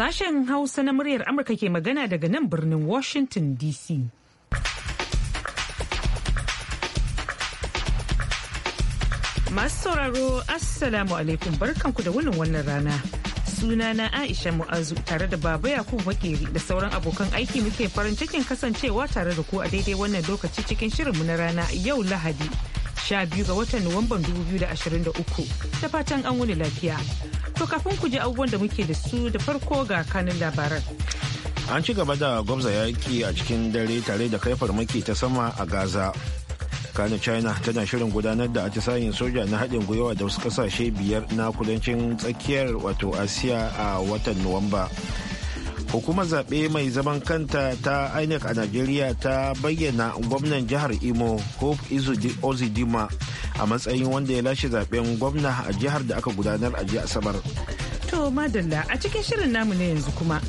Sashen Hausa na muryar Amurka ke magana daga nan birnin Washington DC. Masu sauraro Assalamu alaikum barkanku da wannan wannan rana. suna na Aisha Mu'azu tare da Baba Yakubu Makeri da sauran abokan aiki muke farin cikin kasancewa tare da ku a daidai wannan lokaci cikin shirinmu na rana yau Lahadi. 12 ga watan Nuwamban 2023 da fatan an wuni lafiya. To kafin ku ji abubuwan da muke da su da farko ga kanin labaran. An ci gaba da gwamza yaki a cikin dare tare da kai farmaki ta sama a Gaza. Kano China tana shirin gudanar da atisayin soja na haɗin gwiwa da wasu ƙasashe biyar na kudancin tsakiyar wato Asiya a watan Nuwamba. hukumar zaɓe mai zaman kanta ta inec a najeriya ta bayyana gwamnan jihar imo hope ozidima a matsayin wanda ya lashe zaɓen gwamna a jihar da aka gudanar a jiya asabar to madalla a cikin shirin namu na yanzu kuma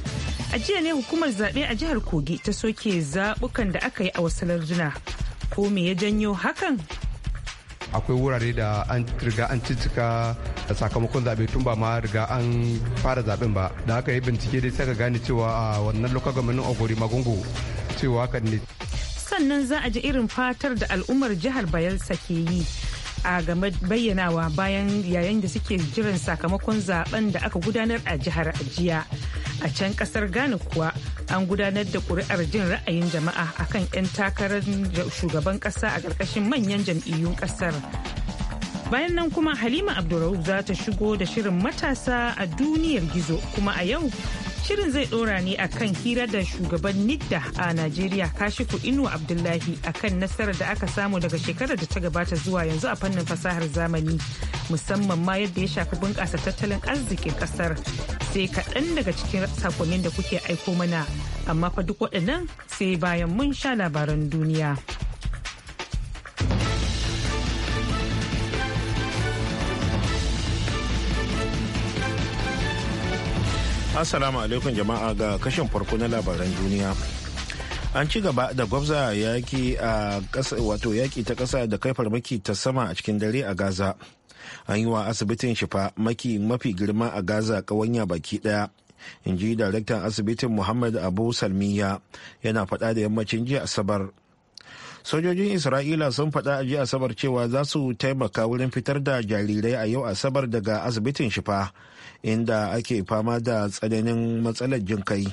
a jiya ne hukumar zaɓe a jihar kogi ta soke zaɓukan da aka yi a wasu larduna ko me ya janyo hakan akwai wurare da an riga an cicika sakamakon zaɓe tun ba ma riga an fara zaɓen ba da aka yi bincike dai ka gane cewa a wannan local government ogori magungu cewa kan ne sannan za a ji irin fatar da al'ummar jihar bayelsa ke yi a game bayyanawa bayan yayin da suke jiran sakamakon zaben da aka gudanar a jihar ajiya a can kasar ghana kuwa an gudanar da kuri'ar jin ra'ayin jama'a akan 'yan takarar shugaban ƙasa a ƙarƙashin manyan jam'iyyun ƙasar. Bayan nan kuma Halima Abdurrauf za ta shigo da shirin matasa a duniyar gizo kuma a yau shirin zai ɗora ne a kan hira da shugaban nidda a Najeriya kashifu Inuwa Abdullahi akan nasarar da aka samu daga shekarar da ta gabata zuwa yanzu a fannin fasahar zamani musamman ma yadda ya shafi bunƙasa tattalin arzikin ƙasar sai kaɗan daga cikin sakonnin da kuke aiko mana amma fa duk waɗannan sai bayan mun sha labaran duniya. Assalamu alaikum jama'a ga kashin farko na labaran duniya. An ci gaba da gwabza yaki a wato yaƙi ta ƙasa da kai farmaki ta sama a cikin dare a Gaza. an yi wa asibitin shifa maki mafi girma a gaza ƙawanya baki ɗaya in ji daraktan asibitin muhammad abu salmiya yana faɗa da yammacin jiya asabar sojojin isra'ila sun faɗa a jiya asabar cewa za su taimaka wurin fitar da jarirai a yau asabar daga asibitin shifa inda ake fama da tsananin matsalar jin kai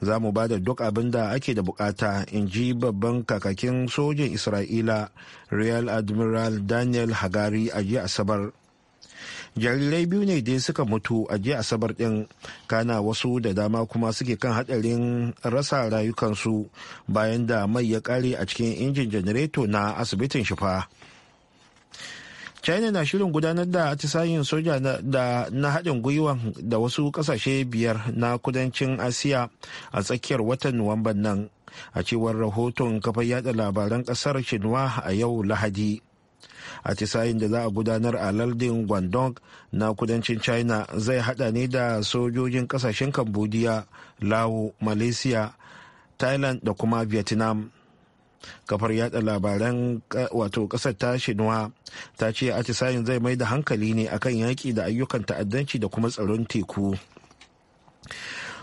za mu ba da duk abin da ake da bukata in ji babban kakakin sojin isra'ila real admiral daniel hagari a jiya asabar jarirai biyu ne dai suka mutu a jiya asabar din kana wasu da dama kuma suke kan hadarin rasa rayukansu bayan da mai ya kare a cikin injin janareto na asibitin shifa. china na shirin gudanar da atisayin soja na haɗin gwiwa da wasu ƙasashe biyar na kudancin asiya a tsakiyar watan nuwamban nan a cewar rahoton kafar yada labaran ƙasar shinwa a yau lahadi atisayin da za a gudanar a lardin guangdong na kudancin china zai haɗa ne da sojojin ƙasashen cambodia lawo malaysia thailand da kuma vietnam kafar yada labaran wato kasar ta shinwa ta ce atisayin zai mai da hankali ne akan yaƙi da ayyukan ta'addanci da kuma tsaron teku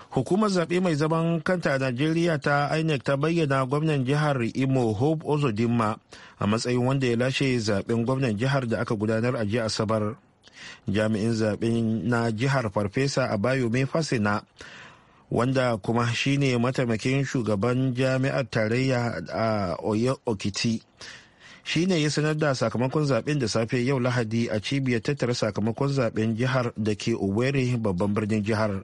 hukumar zaɓe mai zaman kanta a najeriya ta inec ta bayyana gwamnan jihar imo hope ozodimma a matsayin wanda ya lashe zaɓen gwamnan jihar da aka gudanar a jiya asabar jami'in zaɓen na jihar farfesa a bayo mai fasina wanda kuma shine mataimakin shugaban jami'ar tarayya a oyo okiti shine ya sanar da sakamakon zaben da safe yau lahadi a cibiyar tattara sakamakon zaben jihar da ke owerri babban birnin jihar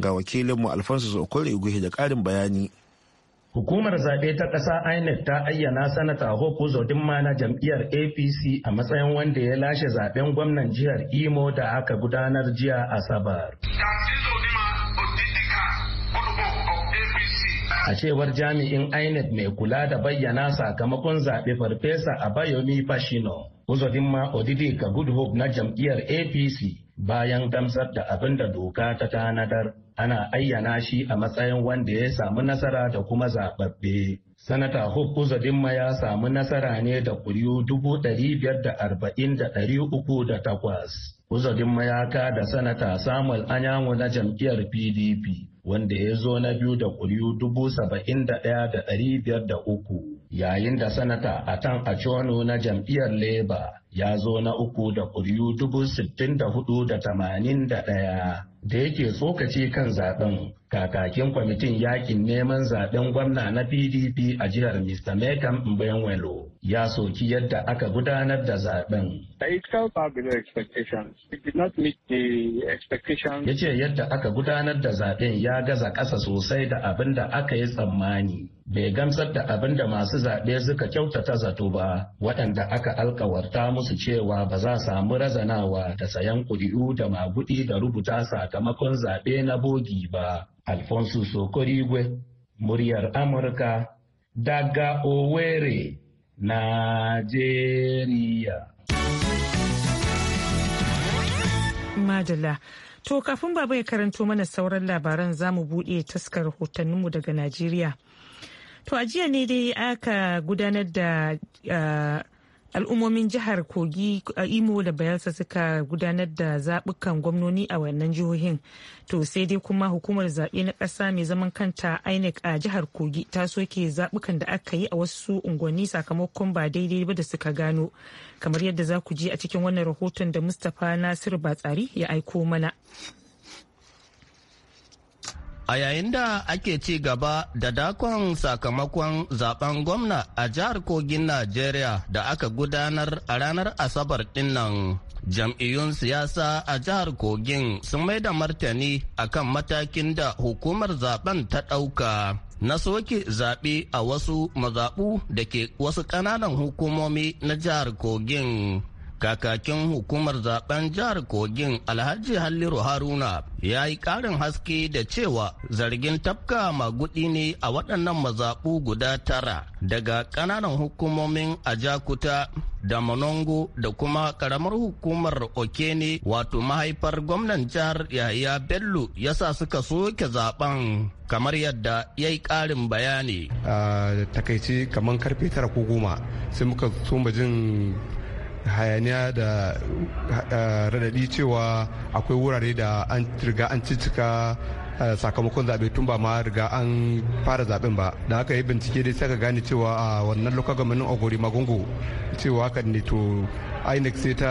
ga wakilinmu alfonso zokore guhi da karin bayani Hukumar zaɓe ta ƙasa INEC ta ayyana sanata Hoku Zodinma na jam'iyyar APC a matsayin wanda ya lashe zaben gwamnan jihar Imo da aka gudanar jiya Asabar. A cewar jami'in INEC mai kula da bayyana sakamakon zaɓe farfesa a Bayomi Fashino, Uzodinma Odidi ka Good Hope na jam'iyyar APC bayan gamsar da abin da doka ta tanadar ana ayyana shi a matsayin wanda ya samu nasara da kuma zaɓaɓɓe. Sanata Hope ma ya samu nasara ne da kuriyu dubu ɗari biyar da arba'in da ɗari uku da takwas. Uzodinma ya da Sanata Samuel Anyanwu na jam'iyyar PDP. wanda ya zo na biyu da ƙuri'u dubu saba'in da ɗaya da ɗari biyar da uku yayin da sanata atan achono na jam'iyyar labour ya zo na uku da ƙuri'u dubu sittin da hudu da tamanin da ɗaya da yake tsokaci kan zaben kakakin kwamitin yakin neman zaben gwamna na pdp a jihar mr mekam mbayanwelo ya soki yadda aka gudanar da zaben ya ce yadda aka gudanar da zaben ya gaza ƙasa sosai da abin da aka yi tsammani bai gamsar da abin da masu zaɓe suka kyautata zato ba waɗanda aka alkawarta musu cewa ba za samu razanawa da sayan ƙuri'u da maguɗi da rubuta sakamakon zaɓe na bogi ba. Alfonso Sokorigwe, muryar Amurka, daga Owerri, Najeriya. Madala. To kafin baba ya karanto mana sauran labaran za mu buɗe taskar hotonninmu daga Najeriya. To a jiya ne dai aka gudanar da al'ummomin jihar kogi a imo da bayelsa suka gudanar da zabukan gwamnoni a wannan jihohin to sai dai kuma hukumar zaɓe na ƙasa mai zaman kanta inec a jihar kogi ta soke zaɓukan da aka yi a wasu unguwanni sakamakon ba daidai ba da suka gano kamar yadda za ku ji a cikin wannan rahoton da mustapha nasiru batsari ya aiko mana A yayin da ake ci gaba da dakon sakamakon zaben gwamna a jihar Kogin Najeriya da aka gudanar a ranar Asabar dinnan, jam'iyyun siyasa a jihar Kogin sun mai da martani akan matakin da hukumar zaben ta ɗauka. na soke zaɓe a wasu mazaɓu da ke wasu ƙananan hukumomi na jihar kogin kakakin hukumar zaben jihar kogin alhaji halliru haruna ya yi karin haske da cewa zargin tafka magudi ne a waɗannan mazaɓu guda tara daga ƙananan hukumomin ajakuta da monongo da kuma ƙaramar hukumar okene wato mahaifar gwamnan jihar yahaya bello ya sa suka soke zaben kamar yadda ya yi karin bayani takaici kamar karfe tara ko goma sai muka tsoma jin hayaniya da eh, radadi cewa akwai wurare da an riga an cicika eh, sakamakon zaɓe tun ba ma riga an fara zaɓen ba da aka yi bincike dai saka gane cewa a wannan local government ogori magungu cewa haka ne to inec sai ta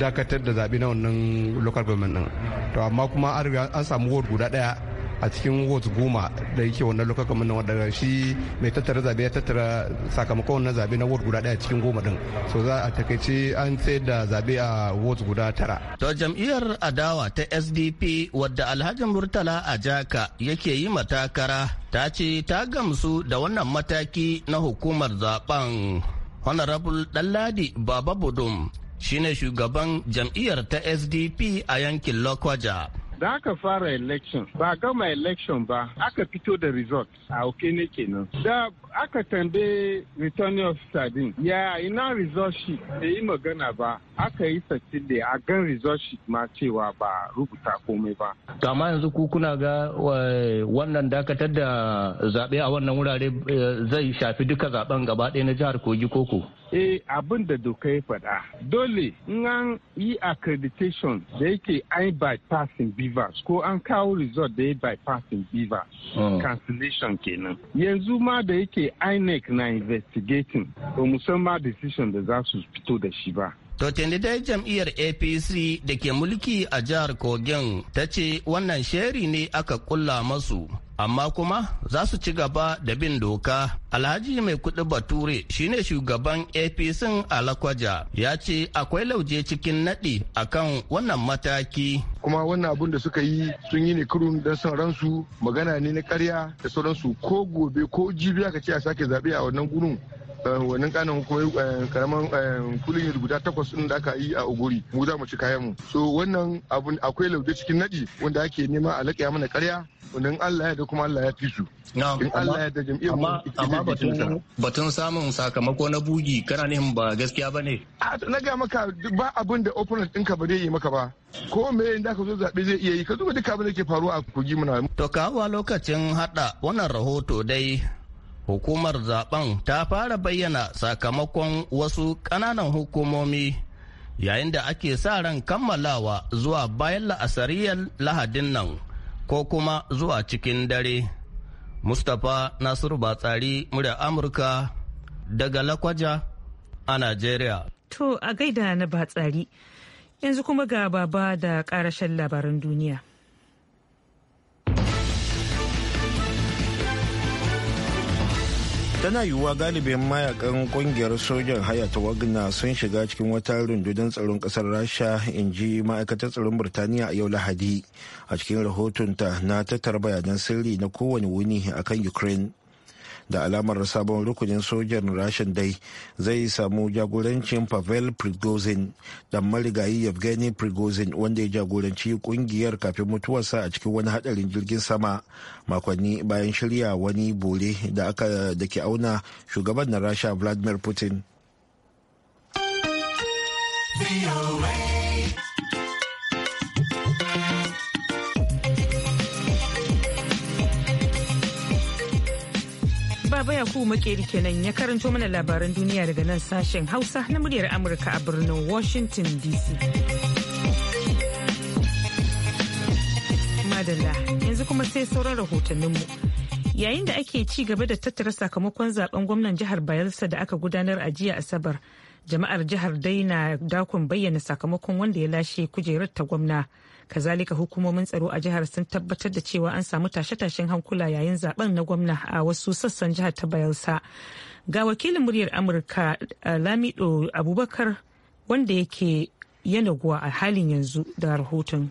dakatar da zaɓe na wannan local government din to amma kuma an samu ward guda ɗaya a cikin ward goma da yake wannan lokaka mun da shi mai tattara zabe ya tattara sakamakon na zabe na ward guda daya cikin goma din so za a takaice an tsayar da zabe a ward guda tara to jam'iyyar adawa ta SDP wadda Alhaji Murtala Ajaka yake yi matakara ta ce ta gamsu da wannan mataki na hukumar zaben honorable Dalladi Baba Budum shine shugaban jam'iyyar ta SDP a yankin Lokwaja. da aka fara election ba gama election ba aka fito da result a okene kenan da aka tambe returning officer din ya ina result shi da yi magana ba aka yi satile a gan resorship ma cewa ba rubuta komai ba. To amma yanzu ku kuna ga wannan dakatar da zaɓe a wannan wurare eh, zai shafi duka zaben gaba ɗaya na jihar Kogi koko? Eh abin da doka ya faɗa. Dole in an yi accreditation da yake an bypassing beavers ko an kawo resort da ya bypassing beavers. Hmm. Cancellation kenan. Yanzu ma da yake INEC na investigating ba musamman decision da za su fito da shi ba. To dai jam'iyyar APC da ke mulki a jihar Kogin ta ce wannan sheri ne aka kulla masu amma kuma za su ci gaba da bin doka. Alhaji mai kuɗi Bature shine shugaban APC a Lakwaja ya ce akwai lauje cikin naɗi akan wannan mataki. Kuma wannan abun da suka yi sun yi ne kurun don son ransu magana ne na karya da sauransu ko gobe ko jibi aka ce a sake zaɓe a wannan gurin Eh, wannan kanan kuma eh, karaman eh, kulin guda takwas din da aka yi a ogori mu za mu ci kayan mu so wannan abun akwai laude cikin nadi wanda ake nema a laƙiya mana ƙarya Wannan Allah ya da kuma Allah ya fi In Allah ya da jam'iyyar mu amma batun samun sakamako na bugi kana nihin ba gaskiya bane. A na ga maka ba abin da opponent ɗinka ba zai yi maka ba. Ko me da ka zo zaɓe zai iya yi ka duba duka abin da ke faruwa a kogi muna. To kawo lokacin haɗa wannan rahoto dai hukumar zaben ta fara bayyana sakamakon wasu kananan hukumomi yayin da ake sa ran kammalawa zuwa bayan la'asariyar lahadin nan ko kuma zuwa cikin dare mustapha nasiru batsari murya amurka daga lakwaja a nigeria. to a gaida na batsari yanzu kuma ga baba da karashen labaran duniya tana yiwuwa galibin mayakan kungiyar sojan haya ta wagna sun shiga cikin wata rundunar tsaron kasar rasha in ji ma'aikatar tsaron birtaniya a yau lahadi a cikin rahotonta na tattara bayanan sirri na kowane wuni akan ukraine da alamar sabon rukunin sojan rashin dai zai samu jagorancin pavel prigozhin da marigayi yevgeny prigozhin wanda ya jagoranci kungiyar kafin mutuwarsa a cikin wani hadarin jirgin sama makonni bayan shirya wani bore da aka da ke auna shugaban na rasha vladimir putin. Yakubu Makeri kenan ya karanto mana labaran duniya daga nan sashen Hausa na muryar Amurka a birnin Washington DC. Madalla yanzu kuma sai sauran rahotanninmu. Yayin da ake ci gaba da tattara sakamakon zaben gwamnan jihar Bayelsa da aka gudanar a jiya Asabar, jama'ar jihar dai na dakon bayyana sakamakon wanda ya lashe kujerar ta gwamna. kazalika hukumomin tsaro a jihar sun tabbatar da cewa an samu tashe-tashen hankula yayin zaben na gwamna a wasu sassan jihar ta bayelsa ga wakilin muryar amurka eh, lamido abubakar wanda yake yanaguwa a halin yanzu da rahoton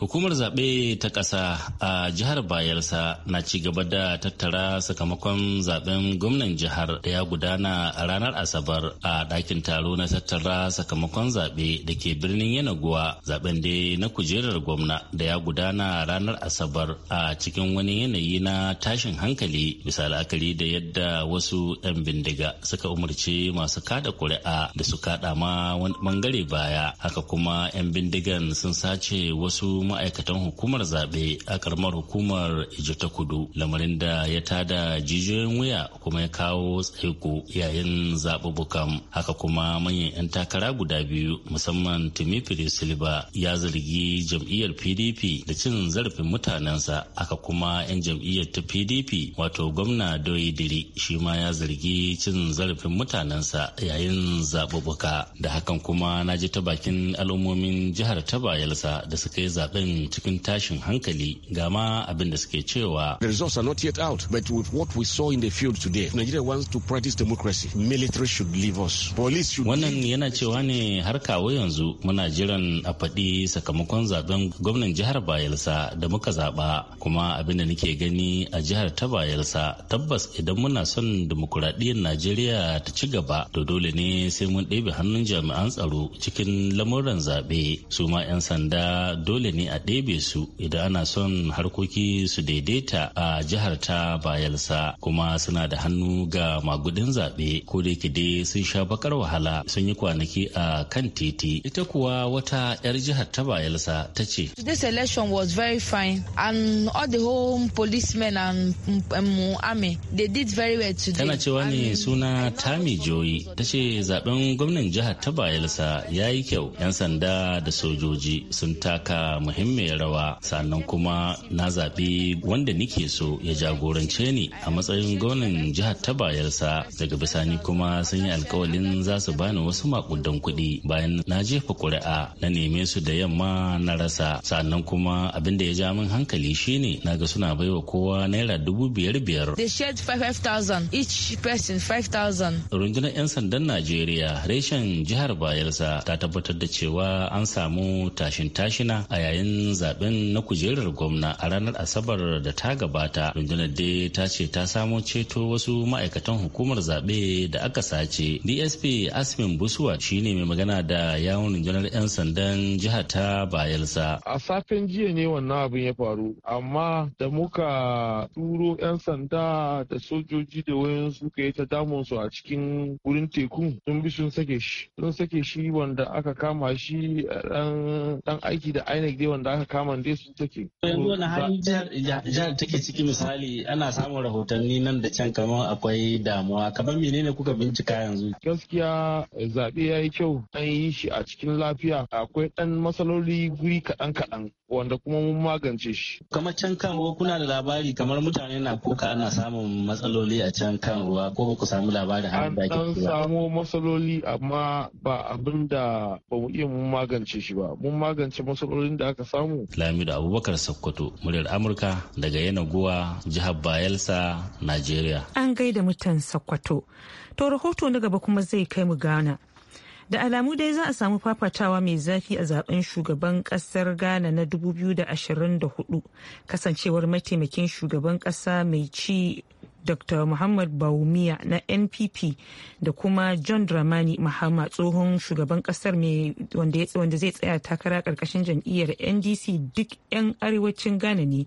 Hukumar zaɓe ta ƙasa a jihar Bayelsa na ci gaba da tattara sakamakon zaɓen gwamnan jihar da ya gudana a ranar Asabar a ɗakin taro na tattara sakamakon zaɓe da ke birnin Yanaguwa zaɓen da na kujerar gwamna da ya gudana a ranar Asabar a cikin wani yanayi na tashin hankali bisa la'akari da yadda wasu 'yan bindiga suka umarci masu kada ƙuri'a da su kada ma wani bangare baya haka kuma 'yan bindigan sun sace wasu ma'aikatan hukumar zaɓe a karamar hukumar ijo ta kudu lamarin da ya tada jijiyoyin wuya kuma ya kawo tsaiko yayin zaɓuɓɓukan haka kuma manyan 'yan takara guda biyu musamman timifiri silba ya zargi jam'iyyar pdp da cin zarafin mutanensa haka kuma 'yan jam'iyyar ta pdp wato gwamna diri shi ma ya zargi cin zarafin mutanensa yayin zaɓuɓɓuka da hakan kuma na ji ta bakin al'ummomin jihar ta bayelsa da suka yi zaɓe din cikin tashin hankali ga ma abin da suke cewa. The results are not yet out, but with what we saw in the field today, Nigeria wants to practice democracy, military should leave us. Police should Wannan yana cewa ne har kawo yanzu muna jiran a faɗi sakamakon zaben gwamnan jihar Bayelsa da muka zaɓa kuma abin da nake gani a jihar ta Bayelsa tabbas idan muna son demokuraɗiyyar Najeriya ta ci gaba to dole ne sai mun ɗebe hannun jami'an tsaro cikin lamuran zaɓe su ma 'yan sanda dole ne a ɗebe su idan ana son harkoki su daidaita a jihar ta bayelsa kuma suna da hannu ga magudin zaɓe ko da yake dai sun sha bakar wahala sun yi kwanaki a kan titi ita kuwa wata 'yar jihar ta bayelsa ta ce this election was very fine and all the home policemen and um, army they did very well today tana cewa ne suna tami joyi ta ce zaben gwamnan jihar ta bayelsa ya yi kyau 'yan sanda da sojoji sun taka muhimmiyar rawa sannan kuma na zaɓi wanda nike so ya jagorance ni a matsayin gwamnan jihar ta bayelsa daga bisani kuma sun yi alkawalin za su bani wasu makudan kuɗi bayan na jefa ƙuri'a na neme su da yamma na rasa sannan kuma abin da ya ja min hankali shine naga suna baiwa kowa naira dubu biyar biyar. They shared thousand each person thousand. Rundunar 'yan sandan Najeriya reshen jihar Bayelsa ta tabbatar da cewa an samu tashin tashina a yayin yayin zaben na kujerar gwamna a ranar asabar da ta gabata rundunar dai ta ce ta samo ceto wasu ma'aikatan hukumar zaɓe da aka sace dsp asmin busuwa shine mai magana da yawon rundunar 'yan sandan jihar ta bayelsa a safen jiya ne wannan abin ya faru amma da muka turo 'yan sanda da sojoji da wayan suka yi ta damun su a cikin wurin teku sun bi sun sake shi sun sake shi wanda aka kama shi dan aiki da inec wanda aka kama dai su take. Yanzu wani hali jihar take ciki misali ana samun rahotanni nan da can kamar akwai damuwa kamar menene kuka bincika yanzu. Gaskiya eh, zaɓe ya yi kyau an yi shi a cikin lafiya akwai ɗan matsaloli guri kaɗan kaɗan wanda kuma mun magance shi. Kamar can kan ruwa kuna da labari kamar mutane na Kuka ana samun matsaloli a can kan ruwa ko ba ku samu labarin har da An samu matsaloli amma ba abin da ba mu iya mun magance shi ba. Mun magance matsalolin da aka samu. Lamido Abubakar Sokoto muryar Amurka daga Yanagowa jihar Bayelsa Najeriya. An gaida mutan Sokoto. To rahoto na gaba kuma zai kai mu Ghana. Da alamu dai za a samu fafatawa mai zafi a zaben shugaban kasar Ghana na 2024 kasancewar mataimakin shugaban kasa mai ci Dr. Muhammad Bawumia na NPP da kuma John Dramani Mahama tsohon shugaban kasar wanda zai tsaya takara karkashin jam'iyyar NDC duk 'yan arewacin Ghana ne.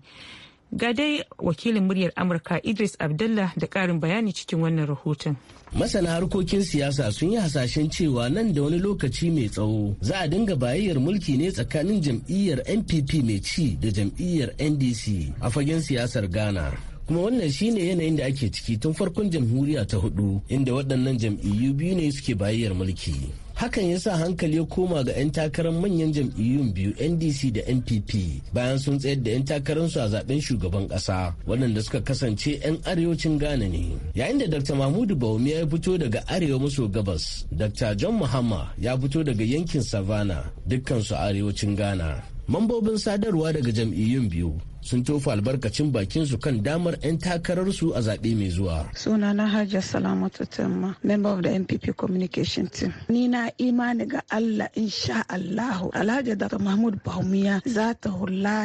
ga dai wakilin muryar amurka idris abdullah da karin bayani cikin wannan rahoton masana harkokin siyasa sun yi hasashen cewa nan da wani lokaci mai tsawo za a dinga bayayyar mulki ne tsakanin jam'iyyar npp mai ci da jam'iyyar ndc a fagen siyasar ghana kuma wannan shine yanayin da ake ciki tun farkon jamhuriya ta hudu inda waɗannan jam'iyyu biyu ne suke bayayyar mulki hakan ya sa hankali ya koma ga 'yan takarar manyan jam'iyyun biyu ndc da npp bayan sun tsayar da 'yan takararsu a zaben shugaban kasa waɗanda suka kasance 'yan arewacin ghana ne yayin da dr mahmudu bawumi ya fito daga arewa maso gabas dr john mahama ya fito daga yankin savannah dukkansu arewacin ghana mambobin sadarwa daga jam'iyyun biyu sun tofa albarkacin bakin su kan damar 'yan takararsu a zaɓe mai zuwa. Sunana Hajiya Salamatu Tamma, member of the NPP communication team. Ni na imani ga Allah insha Allahu. Alhaji Dr. Mahmud Baumiya za ta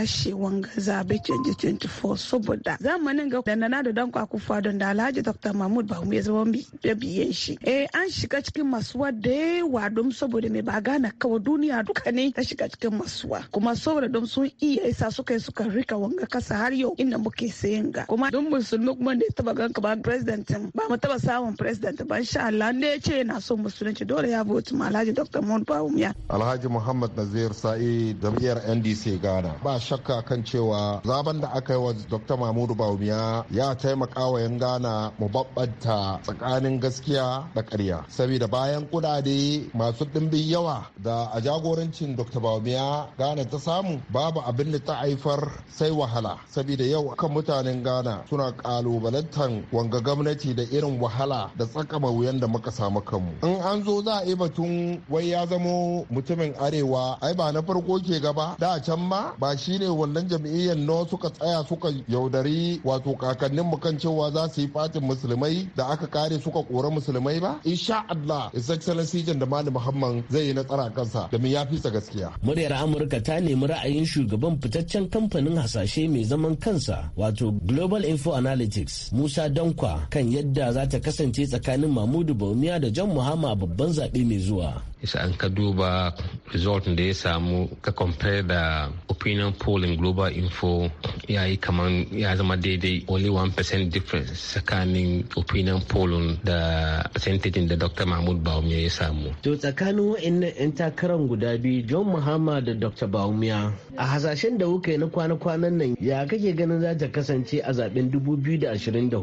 shi wanga zaɓe 2024 saboda zamanin ga nana da danko akufa fadon da Alhaji Dr. Mahmud Baumiya zama biyan shi. Eh an shiga cikin masuwa da yawa don saboda mai ba gana kawai duniya duka ne ta shiga cikin masuwa. Kuma saboda don sun iya isa suka yi suka rika wanga kasa har yau inda muke sayin ga kuma duk musulmi kuma da ya taba ganka ba president ba mu taba samun president ba insha Allah ne ya ce yana son musulunci dole ya vote ma Alhaji Dr. Mahmud Bawumia Alhaji Muhammad Nazir Sa'i jam'iyyar NDC Ghana ba shakka kan cewa zaben da aka yi wa Dr. Mahmud Bawumia ya taimaka wa yan Ghana mu babbanta tsakanin gaskiya da ƙarya saboda bayan kudade masu dimbin yawa da a jagorancin Dr. Bawumia Ghana ta samu babu abin da ta haifar sai wahala saboda yau kan mutanen ghana suna kalubalantar wanga gwamnati da irin wahala da tsaka wuyan da muka samu kanmu in an zo za a yi batun wai ya zamo mutumin arewa ai ba na farko ke gaba da can ma ba shine wannan jam'iyyar no suka tsaya suka yaudari wato kakannin mu kan cewa za su yi fatin musulmai da aka kare suka kora musulmai ba insha Allah his excellency da malam muhammad zai yi nasara kansa da ya fi sa gaskiya muryar amurka ta nemi ra'ayin shugaban fitaccen kamfanin hasashe hasashe mai zaman kansa wato Global Info Analytics Musa Dankwa kan yadda za ta kasance tsakanin Mahmudu bauniya da John Mahama babban zaɓe mai zuwa. isa an ka duba result da ya samu ka compare da opinion poll global info ya yi kamar ya zama daidai only 1% difference tsakanin opinion poll da percentage da dr mahmud baumia ya samu to tsakanin wa'annan 'yan takarar guda biyu john muhammad da dr baumia a hasashen da kuka yi na kwana-kwanan nan ya kake ganin za ta kasance a zaben 2024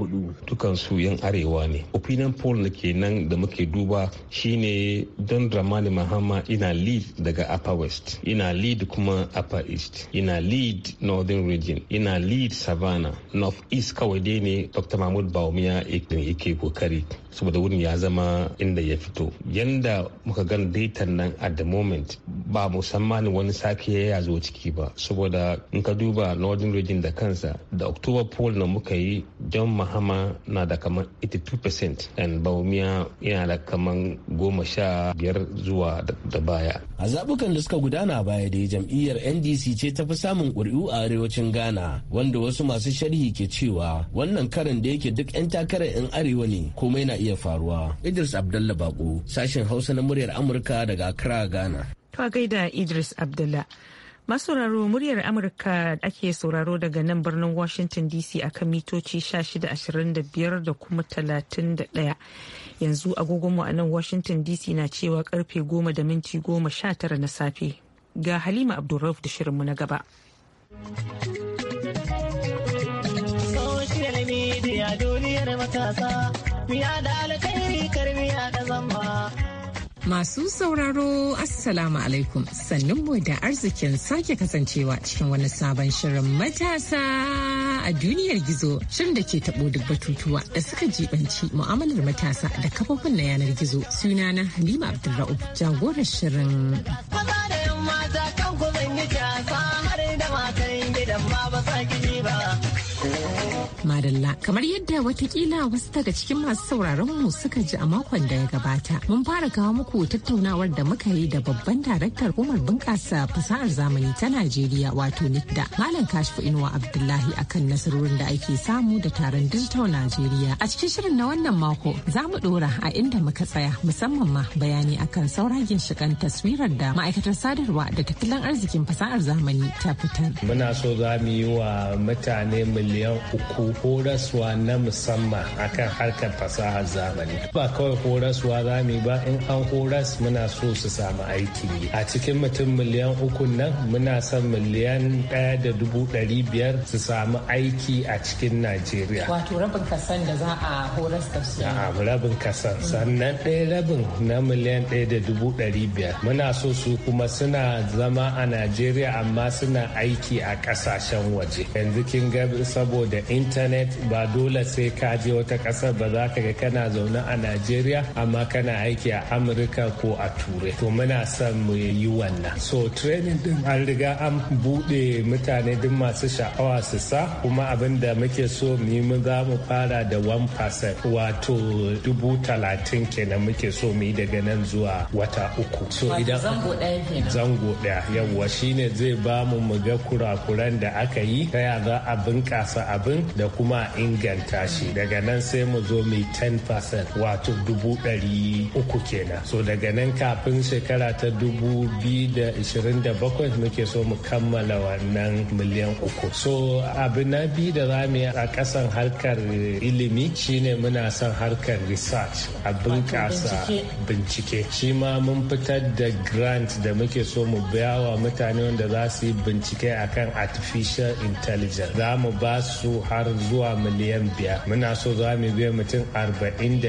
dukansu yan arewa ne opinion poll da ke nan da muke duba shine don Dramani Mahama ina lead daga Upper West, ina lead kuma Upper East, ina lead Northern Region, ina lead Savannah, North East kawai dai ne Dr. Mahmud Baumiya yake kokari. saboda wurin ya zama inda ya fito yanda muka gan daitan nan at the moment ba musamman wani sake ya zo ciki ba saboda in ka duba northern region da kansa da october poll na muka yi john mahama na da kamar 82% and baumiya yana da kamar goma sha biyar zuwa da baya a zabukan da suka gudana baya da jam'iyyar ndc ce ta fi samun ƙuri'u a arewacin ghana wanda wasu masu sharhi ke cewa wannan karin da yake duk 'yan takarar 'yan arewa ne komai na iya faruwa. Idris Abdalla Bako, sashen Hausa na muryar Amurka daga Accra, Ghana. a gaida Idris Abdalla. Masu sauraro muryar Amurka ake sauraro daga nan birnin Washington DC a kan mitoci 1625 da kuma 31. Yanzu agogonmu a nan Washington DC na cewa karfe goma da minti goma sha tara na safe. Ga Halima Abdulrauf da shirinmu na gaba. Social matasa. Masu sauraro Assalamu alaikum sannun mu da arzikin sake kasancewa cikin wani sabon shirin matasa a duniyar gizo shirin da ke tabo duk batutuwa da suka jibanci mu'amalar matasa da kafofin na yanar gizo suna na Halima Abdulra'u jagorar shirin. Madalla. Kamar yadda watakila wasu daga cikin masu sauraron mu suka ji a makon da ya gabata. Mun fara kawo muku tattaunawar da muka yi da babban daraktar Umar bunƙasa fasahar zamani ta Najeriya wato Nidda. Malam Kashfu Inuwa Abdullahi akan nasarorin da ake samu da taron Digital Najeriya. A cikin shirin na wannan mako za mu ɗora a inda muka tsaya musamman ma bayani akan sauragin shigan taswirar da ma'aikatar sadarwa da tattalin arzikin fasahar zamani ta fitar. Muna so za mu yi wa mutane miliyan uku horaswa na musamman akan harkar fasaha zamani ba kawai horaswa za mu ba in an horas muna so su samu aiki a cikin mutum miliyan uku nan muna son miliyan ɗaya da dubu ɗari biyar su samu aiki a cikin najeriya wato rabin kasan da za a horas da su a rabin kasan sannan ɗaya rabin na miliyan ɗaya da dubu ɗari biyar muna so su kuma suna zama a najeriya amma suna aiki a ƙasashen waje yanzu kin ga saboda intanet intanet ba dole sai ka je wata ƙasar ba za ka ga kana zaune a najeriya amma kana aiki a amurka ko a turai to muna son mu yi wannan so training din an riga an buɗe mutane duk masu sha'awa su sa kuma abin da muke so mu yi za mu fara da 1% wato dubu talatin kenan muke so mu yi daga nan zuwa wata uku so idan zango ɗaya kenan zango ɗaya yawwa shine zai ba mu mu ga kurakuran da aka yi ta ya za a bunƙasa abin da da kuma inganta shi daga nan sai mu zo mu 10% wato dubu ɗari uku kenan so daga nan kafin shekara ta dubu biyu da ishirin da bakwai muke so mu kammala wannan miliyan uku so abu na biyu da za mu yi a ƙasan harkar ilimi shine muna son harkar research a bunƙasa bincike shi ma mun fitar da grant da muke so mu biya wa mutane wanda za su yi bincike akan artificial intelligence za mu ba su har zuwa miliyan biyar muna so za mu biya mutum arba'in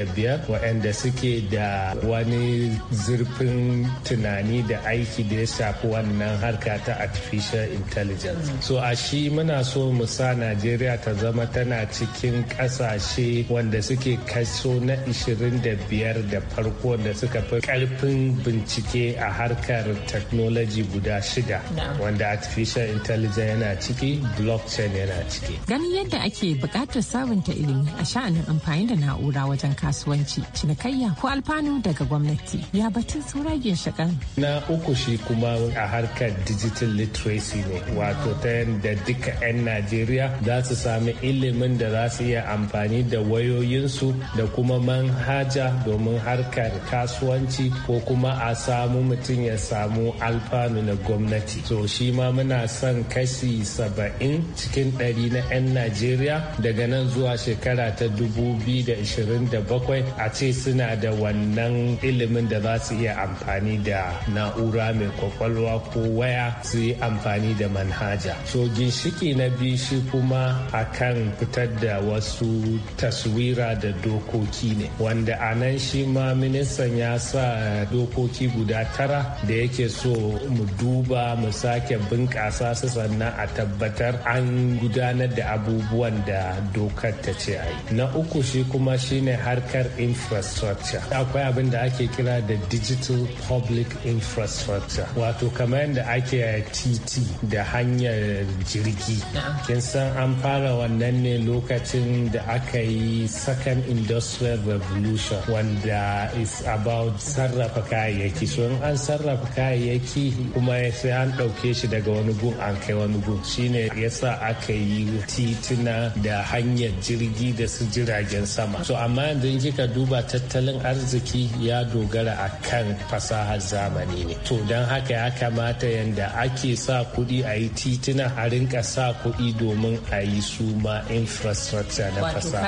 waɗanda suke da wani zurfin tunani da aiki da ya shafi wannan harka ta artificial intelligence so a shi muna so mu sa najeriya ta zama tana cikin ƙasashe wanda suke kaso na 25 da farko da suka fi karfin bincike a harkar technology guda shida wanda artificial intelligence yana ciki blockchain yana ciki ganin yadda ake ke buƙatar sabunta ilimi a sha'anin amfani da na'ura wajen kasuwanci cinikayya ko alfanu daga gwamnati ya batun sauragen shakan. na uku shi kuma a harkar digital literacy ne wato ta yadda duka 'yan najeriya za su sami ilimin da za su iya amfani da wayoyinsu da kuma manhaja domin harkar kasuwanci ko kuma a samu mutum ya samu alfanu na gwamnati so shi ma muna son kashi saba'in cikin ɗari na 'yan najeriya najeriya daga nan zuwa shekara ta 2027 a ce suna da wannan ilimin da za su iya amfani da na'ura mai kwakwalwa ko waya su yi amfani da manhaja so ginshiki na biyu shi kuma a kan fitar da wasu taswira da dokoki ne wanda a nan shi ma ministan ya sa dokoki guda tara da yake so mu duba mu sake bunƙasa su sannan a tabbatar an gudanar da abubuwan da dokar ta ce a yi na uku shi kuma shine harkar infrastructure akwai abin da ake kira da digital public infrastructure wato kamar yadda ake titi da hanyar jirgi kin san an fara wannan ne lokacin da aka yi second industrial revolution wanda is about sarrafa kayayyaki so in an sarrafa kayayyaki kuma sai an ɗauke shi daga wani gun an kai wani gun shine yasa aka yi titina da hanyar jirgi da su jiragen sama so amma yanzu kika duba tattalin arziki ya dogara a kan fasahar zamani ne to don haka ya kamata yadda ake sa kuɗi a yi titina a rinka sa kuɗi domin a yi su ma infrastructure na fasahar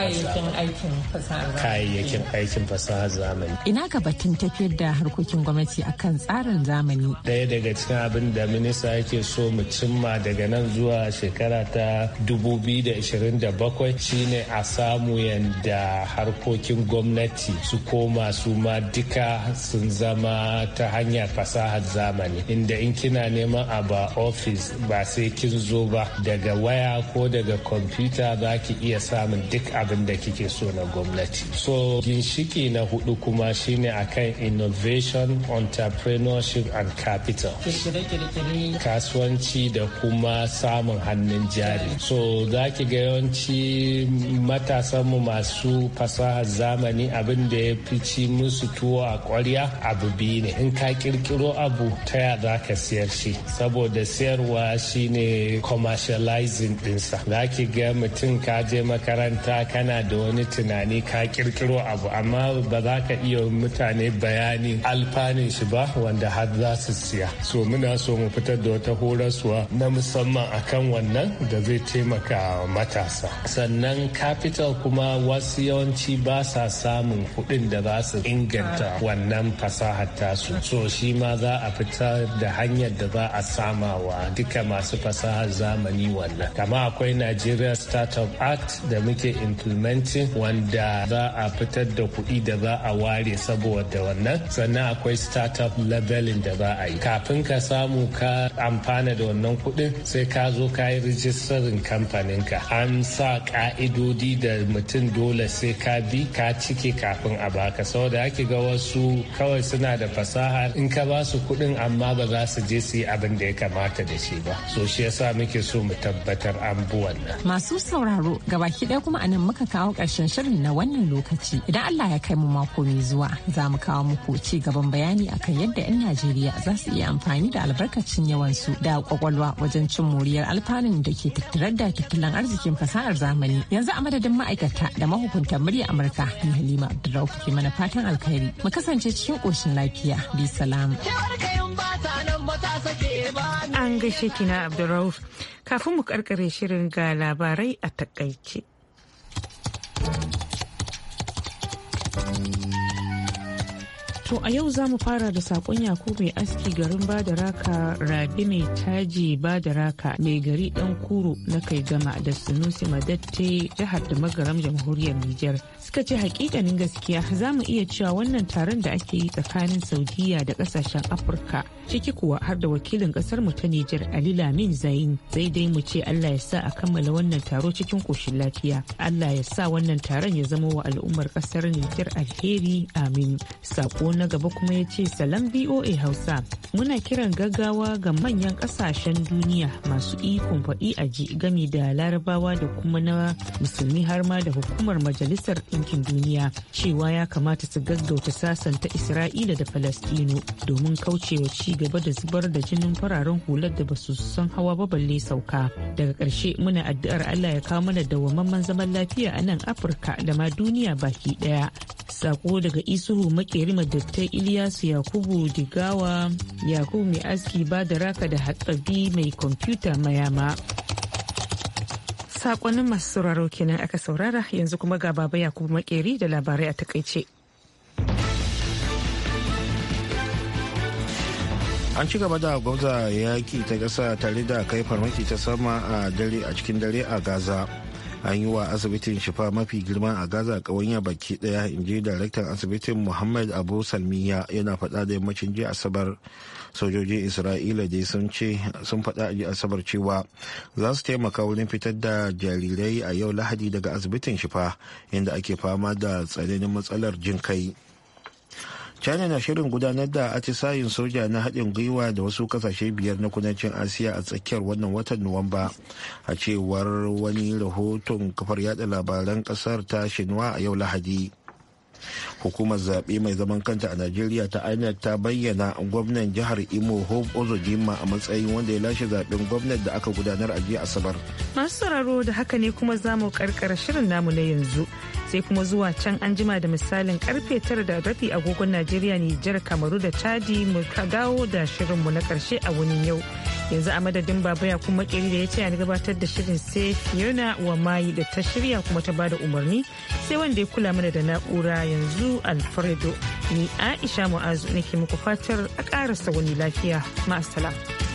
kayayyakin aikin fasahar zamani ina ka batun tafiyar da harkokin gwamnati akan tsarin zamani daya daga cikin abin da minista yake so mu cimma daga nan zuwa shekara ta 2020 27 shine a samu yadda harkokin gwamnati su koma su ma duka sun zama ta hanyar fasahar zamani inda in kina neman a ba ofis ba sai kin zo ba daga waya ko daga kwamfuta za ki iya samun duk abin da kike so na gwamnati so ginshiki na hudu kuma shine akan innovation entrepreneurship and capital kasuwanci da kuma samun hannun jari so za ki ga yawanci matasanmu masu fasaha zamani abin da ya fi fici musu tuwo a kwarya abu biyu ne in ka kirkiro abu ta ya za ka siyar shi saboda siyarwa shine commercializing dinsa za ki ga mutum ka je makaranta kana da wani tunani ka kirkiro abu amma ba za ka iya mutane bayani alfanin shi ba wanda har za su siya so muna so mu fitar da wata horaswa na musamman akan wannan da zai taimaka mata matasa sannan capital kuma wasu yawanci ba sa samun kuɗin da za su inganta wannan fasahar tasu so shi ma za a fita da hanyar da za a samawa duka masu fasahar zamani wannan kama akwai nigeria startup act da muke implementing wanda za a fitar da kuɗi da za a ware saboda wannan sannan akwai startup leveling da za a yi kafin ka samu ka amfana da wannan kuɗin sai ka zo ka yi rijistarin kamfaninka an an sa ka'idodi da mutum dole sai ka bi ka cike kafin a baka saboda ake ga wasu kawai suna da fasaha in ka ba su kuɗin amma ba za su je su yi abin da ya kamata da shi ba so shi yasa muke so mu tabbatar an bi wannan masu sauraro gabaki ɗaya kuma anan muka kawo ƙarshen shirin na wannan lokaci idan Allah ya kai mu mako mai zuwa za mu kawo muku ci gaban bayani akan yadda 'yan Najeriya za su iya amfani da albarkacin yawansu da kwakwalwa wajen cin moriyar alfanun da ke tattare da tattalin arzikin fasahar zamani yanzu a madadin ma'aikata da mahukuntan murya amurka ni halima Abdullahi, ke mana fatan alkhairi mu kasance cikin koshin lafiya bi salam an gaishe kina abdulrauf kafin mu karkare shirin ga labarai a takaice. To a yau za mu fara da sakon yaku mai aski garin Badaraka Rabi mai taji Badaraka mai gari dan kuro na kai gama da Sunusi Madatte jihar da magaram jamhuriyar Nijar. Suka ce hakikanin gaskiya za mu iya cewa wannan taron da ake yi tsakanin Saudiya da ƙasashen Afirka ciki kuwa har da wakilin kasar mu ta Nijar Ali Lamin Zain zai dai mu ce Allah ya sa a kammala wannan taro cikin koshin lafiya. Allah ya sa wannan taron ya zama wa al'ummar ƙasar Nijar alheri amin. na gaba kuma ya ce salam VOA Hausa. Muna kiran gaggawa ga manyan kasashen duniya masu ikon faɗi a ji gami da larabawa da kuma na musulmi har ma da hukumar majalisar ɗinkin duniya cewa ya kamata su gaggauta sasanta Isra'ila da Falastino domin kaucewa ci gaba da zubar da jinin fararen hular da basu san hawa ba balle sauka. Daga ƙarshe muna addu'ar Allah ya kawo mana dawwammamen zaman lafiya a nan Afirka da ma duniya baki ɗaya. Sako daga Isuhu Makeri da ta Iliyasu Yakubu Digawa, Yakubu mai aski ba da raka da hatsabi mai kwamfuta mayama. Sakonin masu sauraro kenan aka saurara yanzu kuma ga baba Yakubu makeri da labarai a takaice. an ci gaba da gwamza yaki ta ƙasa tare da kai farmaki ta sama a dare a cikin dare a gaza an yi wa asibitin shifa mafi girma a gaza ƙawanya baki daya in ji daraktan asibitin muhammad abu salmiya yana fada da yammacin ji asabar sojojin isra'ila da sun ce sun fada a ji asabar cewa za su taimaka wurin fitar da jarirai a yau lahadi daga asibitin shifa inda ake fama da tsananin matsalar jin kai china na shirin gudanar da atisayin soja na haɗin gwiwa da wasu kasashe biyar na kudancin asiya a tsakiyar wannan watan nuwamba a cewar wani rahoton kafar yada labaran ƙasar ta shinwa a yau lahadi hukumar zaɓe mai zaman kanta a najeriya ta inec ta bayyana gwamnan jihar imo hope ozodima a matsayin wanda ya lashe zaɓen gwamnan da aka gudanar a jiya asabar masu sauraro da haka ne kuma zamu mu karkara shirin namu na yanzu sai kuma zuwa can an jima da misalin karfe tara da rabi agogon najeriya nijar kamaru da chadi mu dawo da shirinmu na karshe a wani yau yanzu a madadin baba ya kuma makeri da ya ce ni gabatar da shirin sai fiona wa mayi da ta shirya kuma ta bada umarni sai wanda ya kula mana da na'ura yanzu alfredo ni aisha mu'azu nake muku fatar a karasa wani lafiya ma'asala.